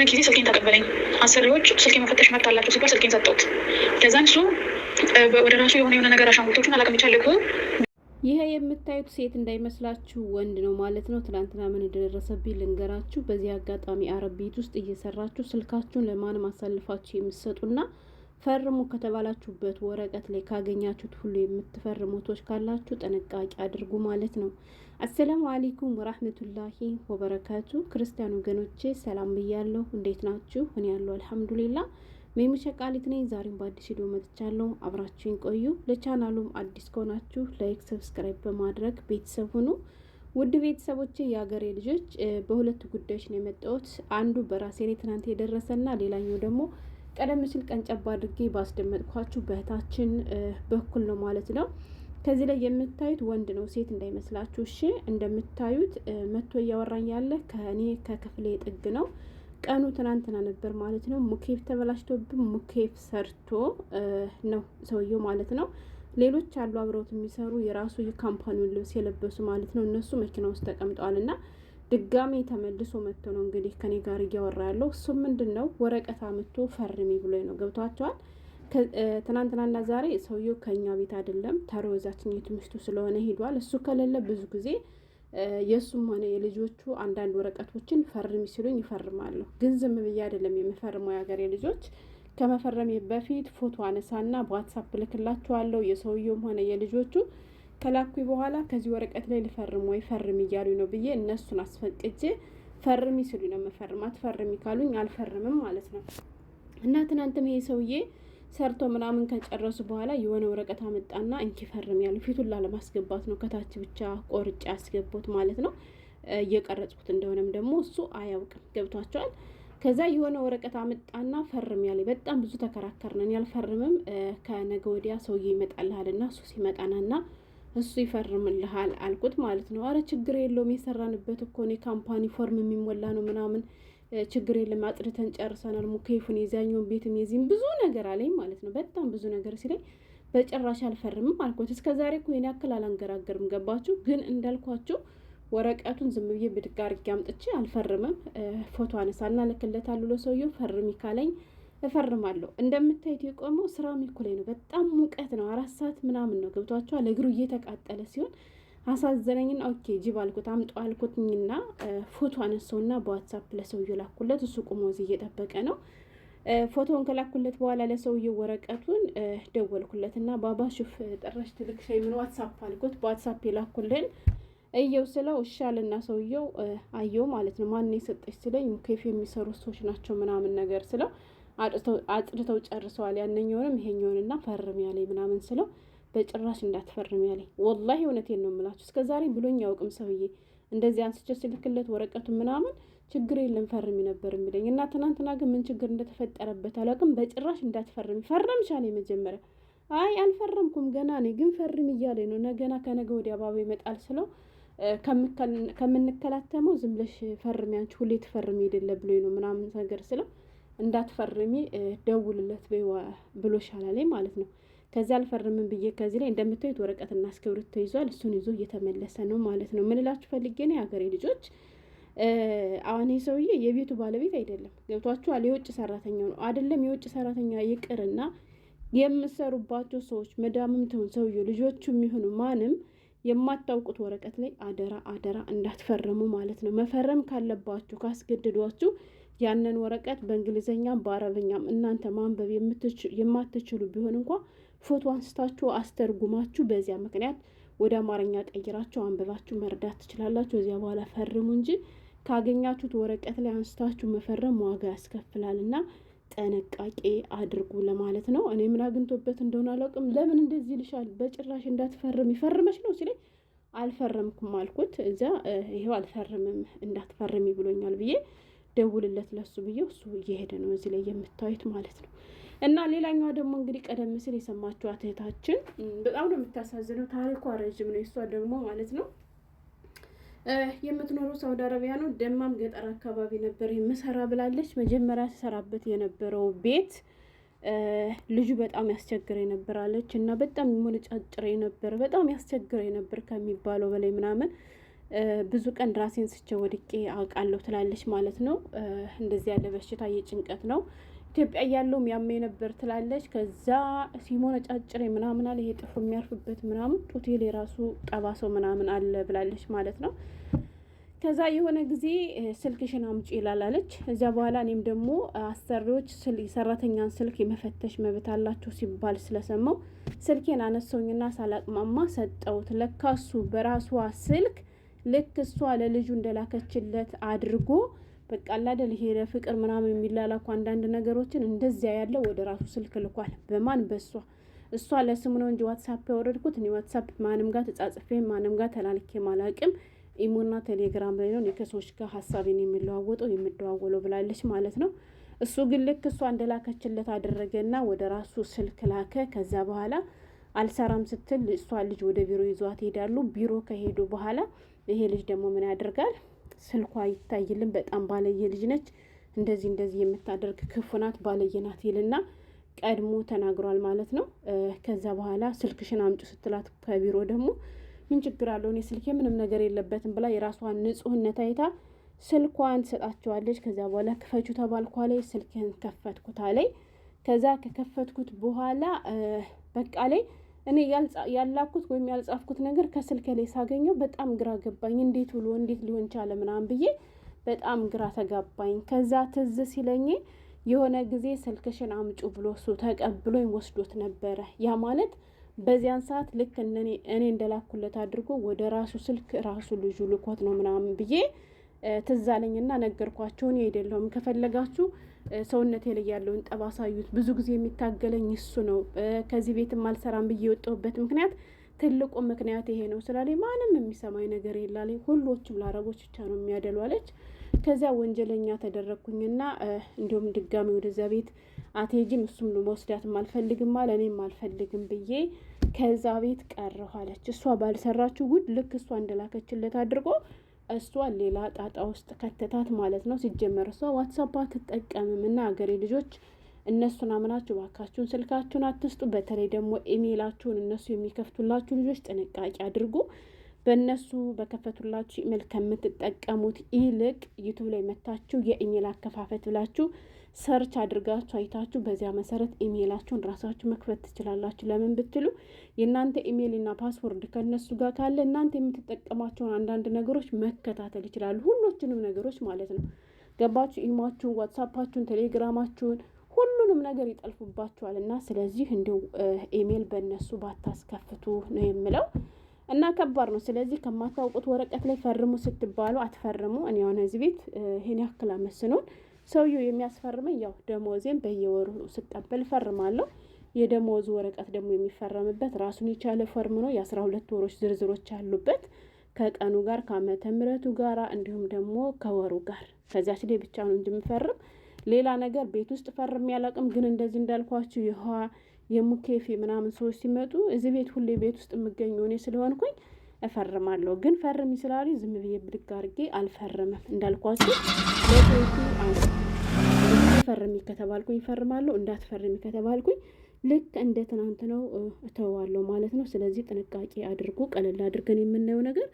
የሆነ ጊዜ ስልኬን ተቀበለኝ። አሰሪዎች ስልኬን መፈተሽ መብት አላቸው ሲባል ስልኬን ሰጠሁት። ከዛን እሱ ወደ ራሱ የሆነ የሆነ ነገር አሻንጉቶቹን አላቅም ይቻልኩ ይሄ የምታዩት ሴት እንዳይመስላችሁ ወንድ ነው ማለት ነው። ትናንትና ምን እንደደረሰብኝ ልንገራችሁ። በዚህ አጋጣሚ አረብ ቤት ውስጥ እየሰራችሁ ስልካችሁን ለማንም አሳልፋችሁ የምትሰጡና ፈርሙ ከተባላችሁበት ወረቀት ላይ ካገኛችሁት ሁሉ የምትፈርሙቶች ካላችሁ ጥንቃቄ አድርጉ ማለት ነው። አሰላሙ አሌይኩም ወራህመቱላሂ ወበረካቱ። ክርስቲያን ወገኖቼ ሰላም ብያለሁ። እንዴት ናችሁ? እኔ ያለሁ አልሐምዱሊላ። ሜሙ ሸቃሊት ነኝ። ዛሬም በአዲስ ሂዶ መጥቻለሁ። አብራችሁኝ ቆዩ። ለቻናሉም አዲስ ከሆናችሁ ላይክ፣ ሰብስክራይብ በማድረግ ቤተሰብ ሁኑ። ውድ ቤተሰቦች የሀገሬ ልጆች በሁለት ጉዳዮች ነው የመጣሁት። አንዱ በራሴ ላይ ትናንት የደረሰና ሌላኛው ደግሞ ቀደም ሲል ቀንጨባ አድርጌ ባስደመጥኳችሁ በእህታችን በኩል ነው ማለት ነው። ከዚህ ላይ የምታዩት ወንድ ነው፣ ሴት እንዳይመስላችሁ እሺ። እንደምታዩት መቶ እያወራኝ ያለ ከእኔ ከክፍሌ ጥግ ነው። ቀኑ ትናንትና ነበር ማለት ነው። ሙኬፍ ተበላሽቶብን ሙኬፍ ሰርቶ ነው ሰውየው ማለት ነው። ሌሎች አሉ አብረውት የሚሰሩ የራሱ የካምፓኒውን ልብስ የለበሱ ማለት ነው። እነሱ መኪና ውስጥ ተቀምጠዋል እና ድጋሜ ተመልሶ መጥቶ ነው እንግዲህ ከኔ ጋር እያወራ ያለው። እሱም ምንድን ነው ወረቀት አምጥቶ ፈርሚ ብሎ ነው። ገብቷቸዋል። ትናንትናና ዛሬ ሰውየው ከኛ ቤት አይደለም ተሮዛችኝት ምሽቱ ስለሆነ ሄዷል። እሱ ከሌለ ብዙ ጊዜ የእሱም ሆነ የልጆቹ አንዳንድ ወረቀቶችን ፈርሚ ሲሉኝ ይፈርማለሁ። ግን ዝም ብዬ አይደለም የምፈርመው። የሀገሬ ልጆች ከመፈረሜ በፊት ፎቶ አነሳና በዋትሳፕ ልክላችኋለሁ የሰውየውም ሆነ የልጆቹ ከላኩኝ በኋላ ከዚህ ወረቀት ላይ ልፈርም ወይ ፈርም እያሉኝ ነው ብዬ እነሱን አስፈቅጄ ፈርሚ ሲሉ ነው መፈርም። አትፈርሚ ካሉኝ አልፈርምም ማለት ነው። እና ትናንትም ይሄ ሰውዬ ሰርቶ ምናምን ከጨረሱ በኋላ የሆነ ወረቀት አመጣና እንኪ ፈርም ያሉ፣ ፊቱን ላለማስገባት ነው። ከታች ብቻ ቆርጬ ያስገቡት ማለት ነው። እየቀረጽኩት እንደሆነም ደግሞ እሱ አያውቅም። ገብቷቸዋል። ከዛ የሆነ ወረቀት አመጣና ፈርም ያለ፣ በጣም ብዙ ተከራከርነን። ያልፈርምም ከነገ ወዲያ ሰውዬ ይመጣልሃልና እሱ ሲመጣናና እሱ ይፈርምልሃል አልኩት ማለት ነው። አረ ችግር የለውም የሰራንበት እኮ እኔ ካምፓኒ ፎርም የሚሞላ ነው ምናምን ችግር የለም አጥርተን ጨርሰናል። ሙኬፉን የዚያኛውን ቤትም የዚህም ብዙ ነገር አለኝ ማለት ነው። በጣም ብዙ ነገር ሲለኝ በጭራሽ አልፈርምም አልኩት። እስከ ዛሬ እኮ ይሄን ያክል አላንገራገርም፣ ገባችሁ? ግን እንዳልኳችሁ ወረቀቱን ዝም ብዬ ብድግ አድርጌ አምጥቼ አልፈርምም፣ ፎቶ አነሳና ልክለታለሁ ለሰውየው ፈርሚ ካለኝ እፈርማለሁ። እንደምታዩት የቆመው ስራው ሚኮላይ ነው። በጣም ሙቀት ነው። አራት ሰዓት ምናምን ነው ገብቷቸዋል። እግሩ እየተቃጠለ ሲሆን አሳዘነኝና ኦኬ ጅብ አልኩት አምጦ አልኩትኝና ፎቶ አነሳውና በዋትሳፕ ለሰውየው ላኩለት። እሱ ቁሞ እዚህ እየጠበቀ ነው። ፎቶውን ከላኩለት በኋላ ለሰውየው ወረቀቱን ደወልኩለትና ባባ ሹፍ ጠራሽ ትልቅ ሻይ ምን ዋትሳፕ አልኩት። በዋትሳፕ የላኩልን እየው ስለው እሻልና ሰውየው አየው ማለት ነው። ማን የሰጠች ስለኝ ኬፍ የሚሰሩ ሰዎች ናቸው ምናምን ነገር ስለው አጥድተው ጨርሰዋል። ያነኛውንም ይሄኛውንና ፈርም ያለኝ ምናምን ስለው በጭራሽ እንዳትፈርም ያለኝ ወላሂ እውነቴን ነው የምላችሁ። እስከ ዛሬ ብሎኝ ያውቅም ሰውዬ እንደዚህ አንስቼ ስልክለት ወረቀቱ ምናምን ችግር የለም ፈርሚ ነበር የሚለኝ እና ትናንትና ግን ምን ችግር እንደተፈጠረበት አላውቅም። በጭራሽ እንዳትፈርም ፈርም ሻለኝ የመጀመሪያ አይ አልፈረምኩም ገና ነኝ፣ ግን ፈርም እያለ ነው። ነገና ከነገ ወዲያ አባባ ይመጣል ስለው ከምንከላተመው ዝም ብለሽ ፈርሚ አንቺ ሁሌ ትፈርሚ የደለ ብሎ ነው ምናምን ነገር ስለው እንዳትፈርሚ ደውልለት ብሎሻል አለኝ ማለት ነው። ከዚ አልፈርምም ብዬ ከዚህ ላይ እንደምታዩት ወረቀትና እስክሪብቶ ይዟል። እሱን ይዞ እየተመለሰ ነው ማለት ነው። ምንላችሁ ፈልጌ ነው የሀገሬ ልጆች፣ አሁን ይህ ሰውዬ የቤቱ ባለቤት አይደለም። ገብቷችኋል? የውጭ ሰራተኛ ነው አይደለም። የውጭ ሰራተኛ ይቅርና የምሰሩባቸው ሰዎች መዳምም ትሁን ሰውዬው፣ ልጆቹ የሚሆኑ ማንም የማታውቁት ወረቀት ላይ አደራ አደራ እንዳትፈርሙ ማለት ነው። መፈረም ካለባችሁ ካስገድዷችሁ ያንን ወረቀት በእንግሊዝኛም በአረብኛም እናንተ ማንበብ የማትችሉ ቢሆን እንኳ ፎቶ አንስታችሁ አስተርጉማችሁ በዚያ ምክንያት ወደ አማርኛ ቀይራችሁ አንብባችሁ መርዳት ትችላላችሁ። እዚያ በኋላ ፈርሙ እንጂ ካገኛችሁት ወረቀት ላይ አንስታችሁ መፈረም ዋጋ ያስከፍላል እና ጥንቃቄ አድርጉ ለማለት ነው። እኔ ምን አግኝቶበት እንደሆነ አላውቅም። ለምን እንደዚህ ይልሻል፣ በጭራሽ እንዳትፈርም ይፈርመች ነው ሲለኝ አልፈረምኩም አልኩት። እዚያ ይሄው አልፈርምም እንዳትፈርም ይብሎኛል ብዬ ደውልለት ለሱ ብዬ እሱ እየሄደ ነው እዚህ ላይ የምታዩት ማለት ነው። እና ሌላኛዋ ደግሞ እንግዲህ ቀደም ሲል የሰማችው እህታችን በጣም ነው የምታሳዝነው። ታሪኳ ረዥም ነው የእሷ ደግሞ ማለት ነው። የምትኖረው ሳውዲ አረቢያ ነው። ደማም ገጠር አካባቢ ነበር የምሰራ ብላለች። መጀመሪያ ሲሰራበት የነበረው ቤት ልጁ በጣም ያስቸግረ አለች። እና በጣም የሆነ ሞነጫጭረ ነበር። በጣም ያስቸግረ ነበር ከሚባለው በላይ ምናምን ብዙ ቀን ራሴን ስቼ ወድቄ አውቃለሁ ትላለች ማለት ነው። እንደዚህ ያለ በሽታ የጭንቀት ነው። ኢትዮጵያ እያለሁም ያመኝ ነበር ትላለች። ከዛ ሲሞነ ጫጭሬ ምናምን አለ ይሄ ጥፍሩ የሚያርፍበት ምናምን ጡቴል የራሱ ጠባሰው ምናምን አለ ብላለች ማለት ነው። ከዛ የሆነ ጊዜ ስልክሽን አምጪ አለች። እዚያ በኋላ እኔም ደግሞ አሰሪዎች የሰራተኛን ስልክ የመፈተሽ መብት አላቸው ሲባል ስለሰማው ስልኬን አነሰውኝና ሳላቅማማ ሰጠውት። ለካሱ በራሷ ስልክ ልክ እሷ ለልጁ እንደላከችለት አድርጎ በቃ አላደል ሄደ ፍቅር ምናምን የሚላላኩ አንዳንድ ነገሮችን እንደዚያ ያለው ወደ ራሱ ስልክ ልኳል። በማን በእሷ እሷ ለስሙ ነው እንጂ ዋትሳፕ ያወረድኩት እኔ ዋትሳፕ ማንም ጋር ተጻጽፌ ማንም ጋር ተላልኬ ማላቅም። ኢሞና ቴሌግራም ላይ ነው ከሰዎች ጋር ሀሳቤን የሚለዋወጠው የምደዋወለው ብላለች ማለት ነው። እሱ ግን ልክ እሷ እንደላከችለት አደረገና ወደ ራሱ ስልክ ላከ። ከዛ በኋላ አልሰራም ስትል እሷ ልጅ ወደ ቢሮ ይዟት ሄዳሉ። ቢሮ ከሄዱ በኋላ ይሄ ልጅ ደግሞ ምን ያደርጋል? ስልኳ ይታይልን። በጣም ባለየ ልጅ ነች፣ እንደዚህ እንደዚህ የምታደርግ ክፉ ናት፣ ባለየ ናት ይልና ቀድሞ ተናግሯል ማለት ነው። ከዛ በኋላ ስልክሽን አምጩ ስትላት ከቢሮ ደግሞ ምን ችግር አለው እኔ ስልኬ ምንም ነገር የለበትም ብላ የራሷን ንጹህነት አይታ ስልኳን ትሰጣቸዋለች። ከዛ በኋላ ክፈቹ ተባልኳ ላይ ስልክህን ከፈትኩታ ላይ ከዛ ከከፈትኩት በኋላ በቃ ላይ እኔ ያላኩት ወይም ያልጻፍኩት ነገር ከስልክ ላይ ሳገኘው በጣም ግራ ገባኝ። እንዴት ውሎ እንዴት ሊሆን ቻለ ምናምን ብዬ በጣም ግራ ተጋባኝ። ከዛ ትዝ ሲለኝ የሆነ ጊዜ ስልክሽን አምጩ ብሎ እሱ ተቀብሎኝ ወስዶት ነበረ። ያ ማለት በዚያን ሰዓት ልክ እኔ እንደላኩለት አድርጎ ወደ ራሱ ስልክ ራሱ ልጁ ልኮት ነው ምናምን ብዬ ትዝ አለኝና ነገርኳቸውን አይደለሁም ከፈለጋችሁ ሰውነቴ ላይ ያለውን ጠባሳዩት ብዙ ጊዜ የሚታገለኝ እሱ ነው። ከዚህ ቤትም አልሰራም ብዬ የወጣሁበት ምክንያት ትልቁ ምክንያት ይሄ ነው ስላለ ማንም የሚሰማኝ ነገር የላለ ሁሎቹም ለአረቦች ብቻ ነው የሚያደሉ አለች። ከዚያ ወንጀለኛ ተደረግኩኝና እንዲሁም ድጋሚ ወደዚያ ቤት አትሄጂም፣ እሱም መወስዳትም አልፈልግም አለ። እኔም አልፈልግም ብዬ ከዛ ቤት ቀረሁ እሷ ባልሰራችሁ ጉድ ልክ እሷ እንደላከችለት አድርጎ እሷን ሌላ ጣጣ ውስጥ ከተታት ማለት ነው። ሲጀመር እሷ ዋትሳፕ አትጠቀምም እና አገሬ ልጆች እነሱን አምናችሁ ባካችሁን ስልካችሁን አትስጡ። በተለይ ደግሞ ኢሜይላችሁን እነሱ የሚከፍቱላችሁ ልጆች ጥንቃቄ አድርጉ። በእነሱ በከፈቱላችሁ ኢሜል ከምትጠቀሙት ይልቅ ዩቱብ ላይ መታችሁ የኢሜል አከፋፈት ብላችሁ ሰርች አድርጋችሁ አይታችሁ በዚያ መሰረት ኢሜይላችሁን ራሳችሁ መክፈት ትችላላችሁ። ለምን ብትሉ የእናንተ ኢሜይልና ፓስወርድ ከነሱ ጋር ካለ እናንተ የምትጠቀማቸውን አንዳንድ ነገሮች መከታተል ይችላሉ። ሁሎችንም ነገሮች ማለት ነው። ገባችሁ? ኢማችሁን፣ ዋትሳፓችሁን፣ ቴሌግራማችሁን ሁሉንም ነገር ይጠልፉባችኋል። እና ስለዚህ እንዲሁ ኢሜይል በእነሱ ባታስከፍቱ ነው የምለው እና ከባድ ነው። ስለዚህ ከማታውቁት ወረቀት ላይ ፈርሙ ስትባሉ አትፈርሙ። እኔ የሆነ እዚህ ቤት ይሄን ያክል አመስኖን ሰውየው የሚያስፈርመኝ ያው ደሞዜን በየወሩ ስቀበል ፈርማለሁ። የደሞዙ ወረቀት ደግሞ የሚፈረምበት ራሱን የቻለ ፈርም ነው። የአስራ ሁለት ወሮች ዝርዝሮች አሉበት ከቀኑ ጋር ከአመተ ምረቱ ጋር እንዲሁም ደግሞ ከወሩ ጋር። ከዚያ ሲሌ ብቻ ነው እንጂ የምፈርም ሌላ ነገር ቤት ውስጥ ፈርም ያላቅም። ግን እንደዚህ እንዳልኳችሁ የውሃ የሙኬፌ ምናምን ሰዎች ሲመጡ እዚህ ቤት ሁሌ ቤት ውስጥ የምገኘው እኔ ስለሆንኩኝ እፈርማለሁ ግን ፈርም ይችላሉ። ዝም ብዬ ብድግ አድርጌ አልፈርምም። እንዳልኳችሁ ፈርሚ ከተባልኩኝ እፈርማለሁ፣ እንዳትፈርሚ ከተባልኩኝ ልክ እንደ ትናንት ነው እተዋለሁ ማለት ነው። ስለዚህ ጥንቃቄ አድርጉ። ቀለል አድርገን የምናየው ነገር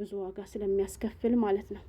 ብዙ ዋጋ ስለሚያስከፍል ማለት ነው።